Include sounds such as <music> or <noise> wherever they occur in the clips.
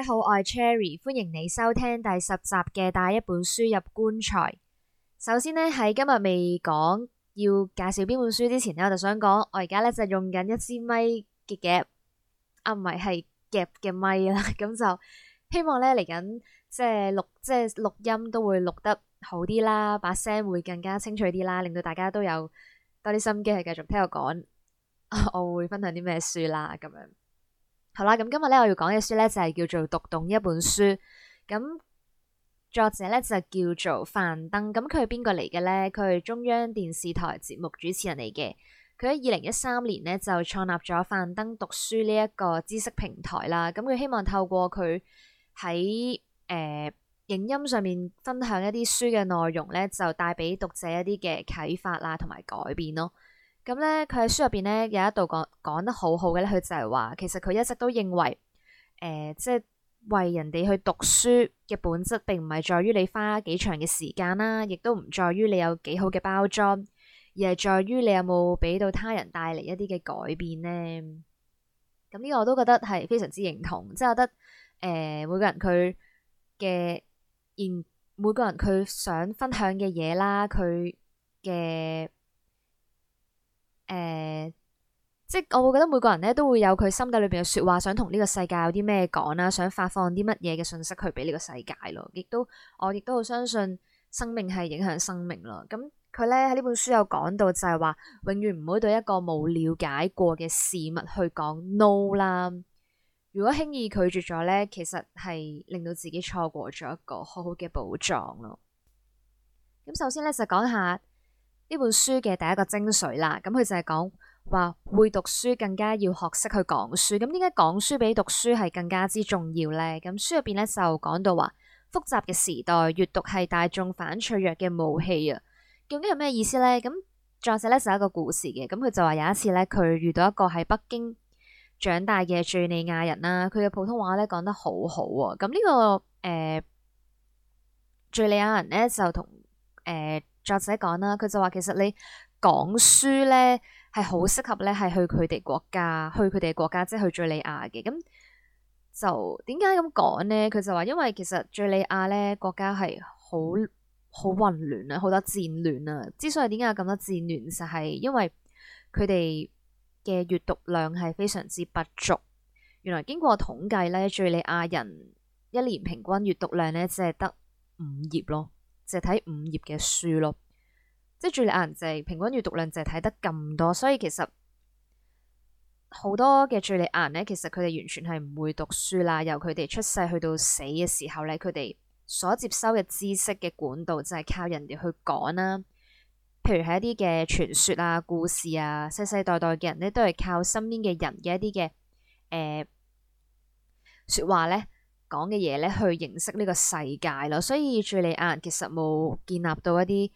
大家好，我係 Cherry，歡迎你收聽第十集嘅帶一本書入棺材。首先咧，喺今日未講要介紹邊本書之前咧，我就想講，我而家咧就用緊一支咪嘅夾，啊唔係係夾嘅咪啦，咁就希望咧嚟緊即係錄即係錄音都會錄得好啲啦，把聲會更加清脆啲啦，令到大家都有多啲心機去繼續聽我講， <laughs> 我會分享啲咩書啦，咁樣。好啦，咁今日咧我要講嘅書咧就係叫做《讀懂一本書》，咁作者咧就叫做樊登，咁佢係邊個嚟嘅咧？佢係中央電視台節目主持人嚟嘅，佢喺二零一三年咧就創立咗樊登讀書呢一個知識平台啦。咁佢希望透過佢喺誒影音上面分享一啲書嘅內容咧，就帶俾讀者一啲嘅啟發啦，同埋改變咯。咁咧，佢喺書入邊咧有一度講講得好好嘅咧，佢就係話，其實佢一直都認為，誒，即係為人哋去讀書嘅本質並唔係在於你花幾長嘅時間啦，亦都唔在於你有幾好嘅包裝，而係在於你有冇俾到他人帶嚟一啲嘅改變咧。咁呢個我都覺得係非常之認同，即係我覺得誒，每個人佢嘅而每個人佢想分享嘅嘢啦，佢嘅。誒，uh, 即係我會覺得每個人咧都會有佢心底裏邊嘅說話，想同呢個世界有啲咩講啦，想發放啲乜嘢嘅信息去俾呢個世界咯。亦都我亦都好相信生命係影響生命咯。咁佢咧喺呢本書有講到就是，就係話永遠唔好對一個冇了解過嘅事物去講 no 啦。如果輕易拒絕咗咧，其實係令到自己錯過咗一個很好好嘅寶藏咯。咁首先咧就講下。呢本書嘅第一個精髓啦，咁佢就係講話會，讀書，會書書讀書更加要學識去講書。咁點解講書比讀書係更加之重要咧？咁書入邊咧就講到話，複雜嘅時代，閱讀係大眾反脆弱嘅武器啊！究竟係咩意思咧？咁作者咧就係一個故事嘅，咁佢就話有一次咧，佢遇到一個喺北京長大嘅敍利亞人啦，佢嘅普通話咧講得很好好喎。咁、這、呢個誒敍、呃、利亞人咧就同誒。呃作者講啦，佢就話其實你講書咧係好適合咧，係去佢哋國家，去佢哋國家即係去敘利亞嘅。咁就點解咁講咧？佢就話因為其實敘利亞咧國家係好好混亂啊，好多戰亂啊。之所以點解有咁多戰亂，就係因為佢哋嘅閱讀量係非常之不足。原來經過統計咧，敘利亞人一年平均閱讀量咧，只係得五頁咯。就睇五頁嘅書咯，即係敘利亞人，就係平均閱讀量就係睇得咁多，所以其實好多嘅敘利亞人咧，其實佢哋完全係唔會讀書啦。由佢哋出世去到死嘅時候咧，佢哋所接收嘅知識嘅管道就係靠人哋去講啦。譬如係一啲嘅傳說啊、故事啊，世世代代嘅人咧都係靠身邊嘅人嘅一啲嘅誒說話咧。講嘅嘢咧，去認識呢個世界咯，所以敘利亞人其實冇建立到一啲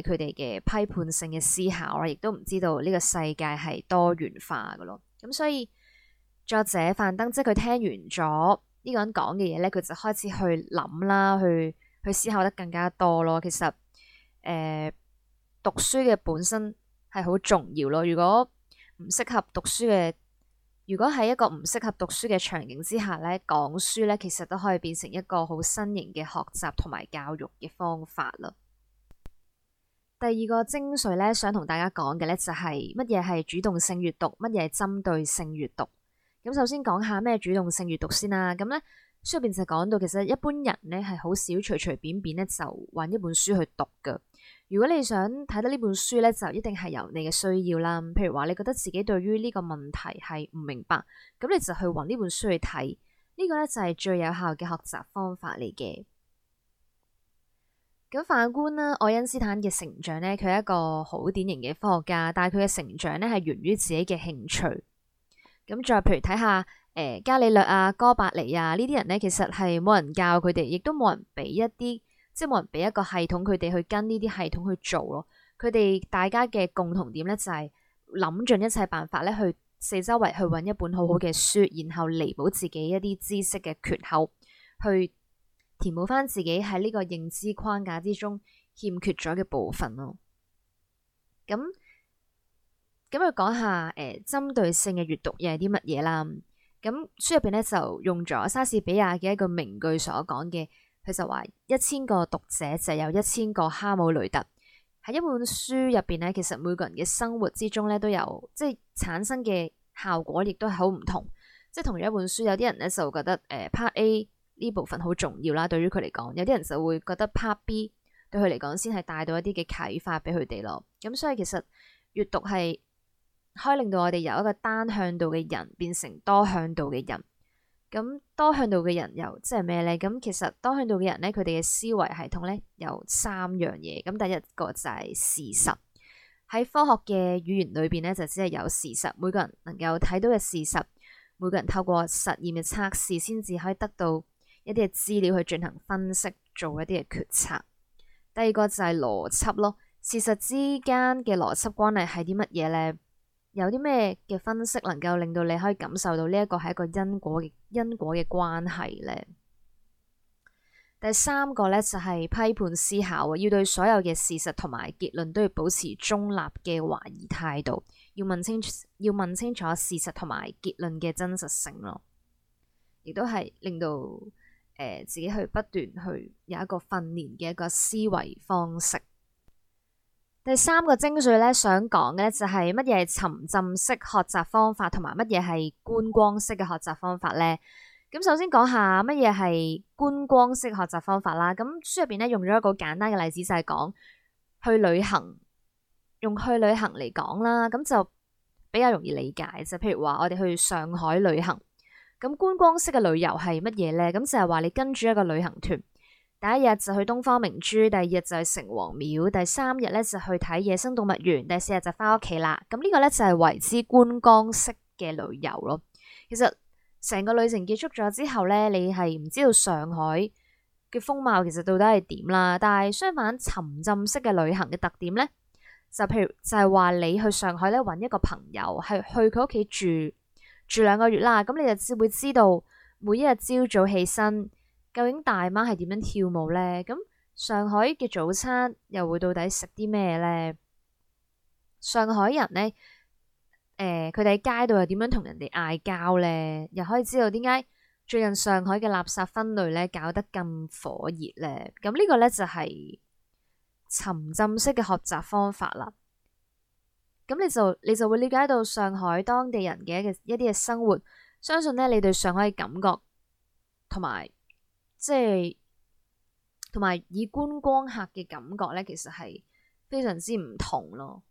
誒，佢哋嘅批判性嘅思考啦，亦都唔知道呢個世界係多元化嘅咯。咁所以作者樊登，即係佢聽完咗呢個人講嘅嘢咧，佢就開始去諗啦，去去思考得更加多咯。其實誒、呃，讀書嘅本身係好重要咯。如果唔適合讀書嘅，如果喺一個唔適合讀書嘅場景之下咧，講書咧，其實都可以變成一個好新型嘅學習同埋教育嘅方法啦。第二個精髓咧，想同大家講嘅咧就係乜嘢係主動性閱讀，乜嘢係針對性閱讀。咁首先講下咩主動性閱讀先啦。咁咧書入邊就講到，其實一般人咧係好少隨隨便便咧就揾一本書去讀噶。如果你想睇到呢本書呢，就一定係由你嘅需要啦。譬如話，你覺得自己對於呢個問題係唔明白，咁你就去揾呢本書去睇。呢個呢，就係最有效嘅學習方法嚟嘅。咁反觀啦，愛因斯坦嘅成長呢，佢係一個好典型嘅科學家，但係佢嘅成長呢，係源於自己嘅興趣。咁再譬如睇下誒，伽利略啊、哥白尼啊呢啲人呢，其實係冇人教佢哋，亦都冇人俾一啲。即係冇人俾一個系統，佢哋去跟呢啲系統去做咯。佢哋大家嘅共同點咧，就係諗盡一切辦法咧，去四周圍去搵一本好好嘅書，然後彌補自己一啲知識嘅缺口，去填補翻自己喺呢個認知框架之中欠缺咗嘅部分咯。咁咁佢講下誒，針對性嘅閱讀又係啲乜嘢啦那面？咁書入邊咧就用咗莎士比亞嘅一個名句所講嘅。佢就話一千個讀者就有一千個哈姆雷特。喺一本書入邊咧，其實每個人嘅生活之中咧都有，即係產生嘅效果亦都係好唔同。即係同一本書，有啲人咧就覺得誒、呃、part A 呢部分好重要啦，對於佢嚟講；有啲人就會覺得 part B 對佢嚟講先係帶到一啲嘅啟發俾佢哋咯。咁所以其實閱讀係可以令到我哋由一個單向度嘅人變成多向度嘅人。咁多向度嘅人又即係咩咧？咁其實多向度嘅人咧，佢哋嘅思維系統咧有三樣嘢。咁第一個就係事實，喺科學嘅語言裏邊咧就只係有事實。每個人能夠睇到嘅事實，每個人透過實驗嘅測試先至可以得到一啲嘅資料去進行分析，做一啲嘅決策。第二個就係邏輯咯，事實之間嘅邏輯關係係啲乜嘢咧？有啲咩嘅分析能夠令到你可以感受到呢一個係一個因果嘅因果嘅關係咧？第三個咧就係批判思考啊，要對所有嘅事實同埋結論都要保持中立嘅懷疑態度，要問清要問清楚事實同埋結論嘅真實性咯，亦都係令到誒、呃、自己去不斷去有一個訓練嘅一個思維方式。第三個精髓咧，想講嘅就係乜嘢沉浸式學習方法，同埋乜嘢係觀光式嘅學習方法咧？咁首先講下乜嘢係觀光式學習方法啦。咁書入邊咧用咗一個簡單嘅例子，就係講去旅行，用去旅行嚟講啦，咁就比較容易理解就譬如話我哋去上海旅行，咁觀光式嘅旅遊係乜嘢咧？咁就係話你跟住一個旅行團。第一日就去東方明珠，第二日就去城隍廟，第三日咧就去睇野生動物園，第四日就翻屋企啦。咁呢個咧就係為之觀光式嘅旅遊咯。其實成個旅程結束咗之後咧，你係唔知道上海嘅風貌其實到底係點啦。但係相反，沉浸式嘅旅行嘅特點咧，就譬如就係話你去上海咧，揾一個朋友係去佢屋企住住兩個月啦。咁你就只會知道每一日朝早起身。究竟大媽係點樣跳舞咧？咁上海嘅早餐又會到底食啲咩咧？上海人咧，誒，佢哋喺街度又點樣同人哋嗌交咧？又可以知道點解最近上海嘅垃圾分類咧搞得咁火熱咧？咁呢個咧就係沉浸式嘅學習方法啦。咁你就你就會了解到上海當地人嘅一嘅一啲嘅生活，相信咧你對上海嘅感覺同埋。即係同埋以觀光客嘅感覺咧，其實係非常之唔同咯。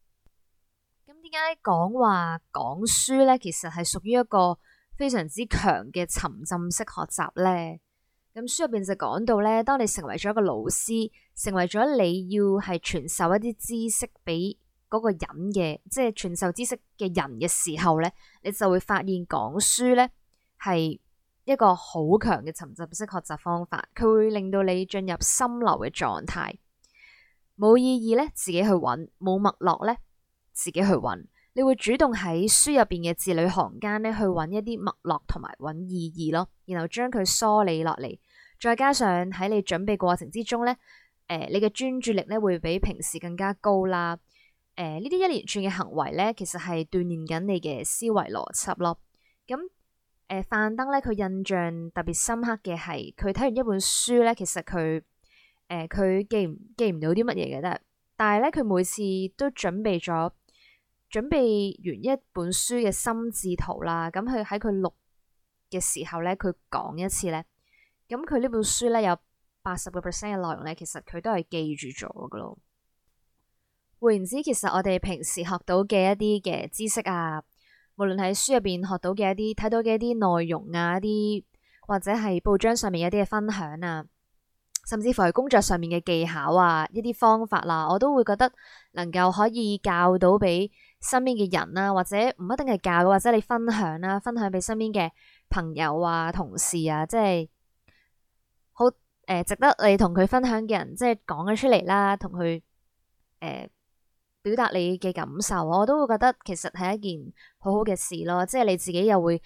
咁點解講話講書咧，其實係屬於一個非常之強嘅沉浸式學習咧？咁書入邊就講到咧，當你成為咗一個老師，成為咗你要係傳授一啲知識俾嗰個人嘅，即係傳授知識嘅人嘅時候咧，你就會發現講書咧係。是一個好強嘅沉浸式學習方法，佢會令到你進入心流嘅狀態。冇意義咧，自己去揾；冇脈絡咧，自己去揾。你會主動喺書入邊嘅字裏行間咧，去揾一啲脈絡同埋揾意義咯。然後將佢梳理落嚟，再加上喺你準備過程之中咧，誒、呃，你嘅專注力咧會比平時更加高啦。誒、呃，呢啲一連串嘅行為咧，其實係鍛煉緊你嘅思維邏輯咯。咁。誒、呃，樊登咧，佢印象特別深刻嘅係，佢睇完一本書咧，其實佢誒，佢、呃、記唔記唔到啲乜嘢嘅，但係咧，佢每次都準備咗，準備完一本書嘅心智圖啦，咁佢喺佢錄嘅時候咧，佢講一次咧，咁佢呢本書咧有八十個 percent 嘅內容咧，其實佢都係記住咗噶咯。換言之，其實我哋平時學到嘅一啲嘅知識啊，無論喺書入邊學到嘅一啲睇到嘅一啲內容啊，一啲或者係報章上面一啲嘅分享啊，甚至乎係工作上面嘅技巧啊，一啲方法啦、啊，我都會覺得能夠可以教到俾身邊嘅人啦、啊，或者唔一定係教的，或者你分享啦、啊，分享俾身邊嘅朋友啊、同事啊，即係好誒，值得你同佢分享嘅人，即係講咗出嚟啦，同佢誒。呃表達你嘅感受，我都會覺得其實係一件好好嘅事咯。即係你自己又會誒、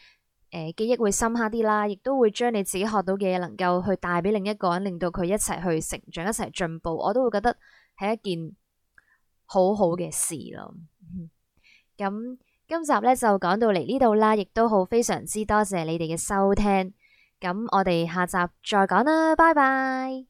呃、記憶會深刻啲啦，亦都會將你自己學到嘅嘢能夠去帶俾另一個人，令到佢一齊去成長，一齊進步。我都會覺得係一件好好嘅事咯。咁、嗯、今集咧就講到嚟呢度啦，亦都好非常之多謝你哋嘅收聽。咁我哋下集再講啦，拜拜。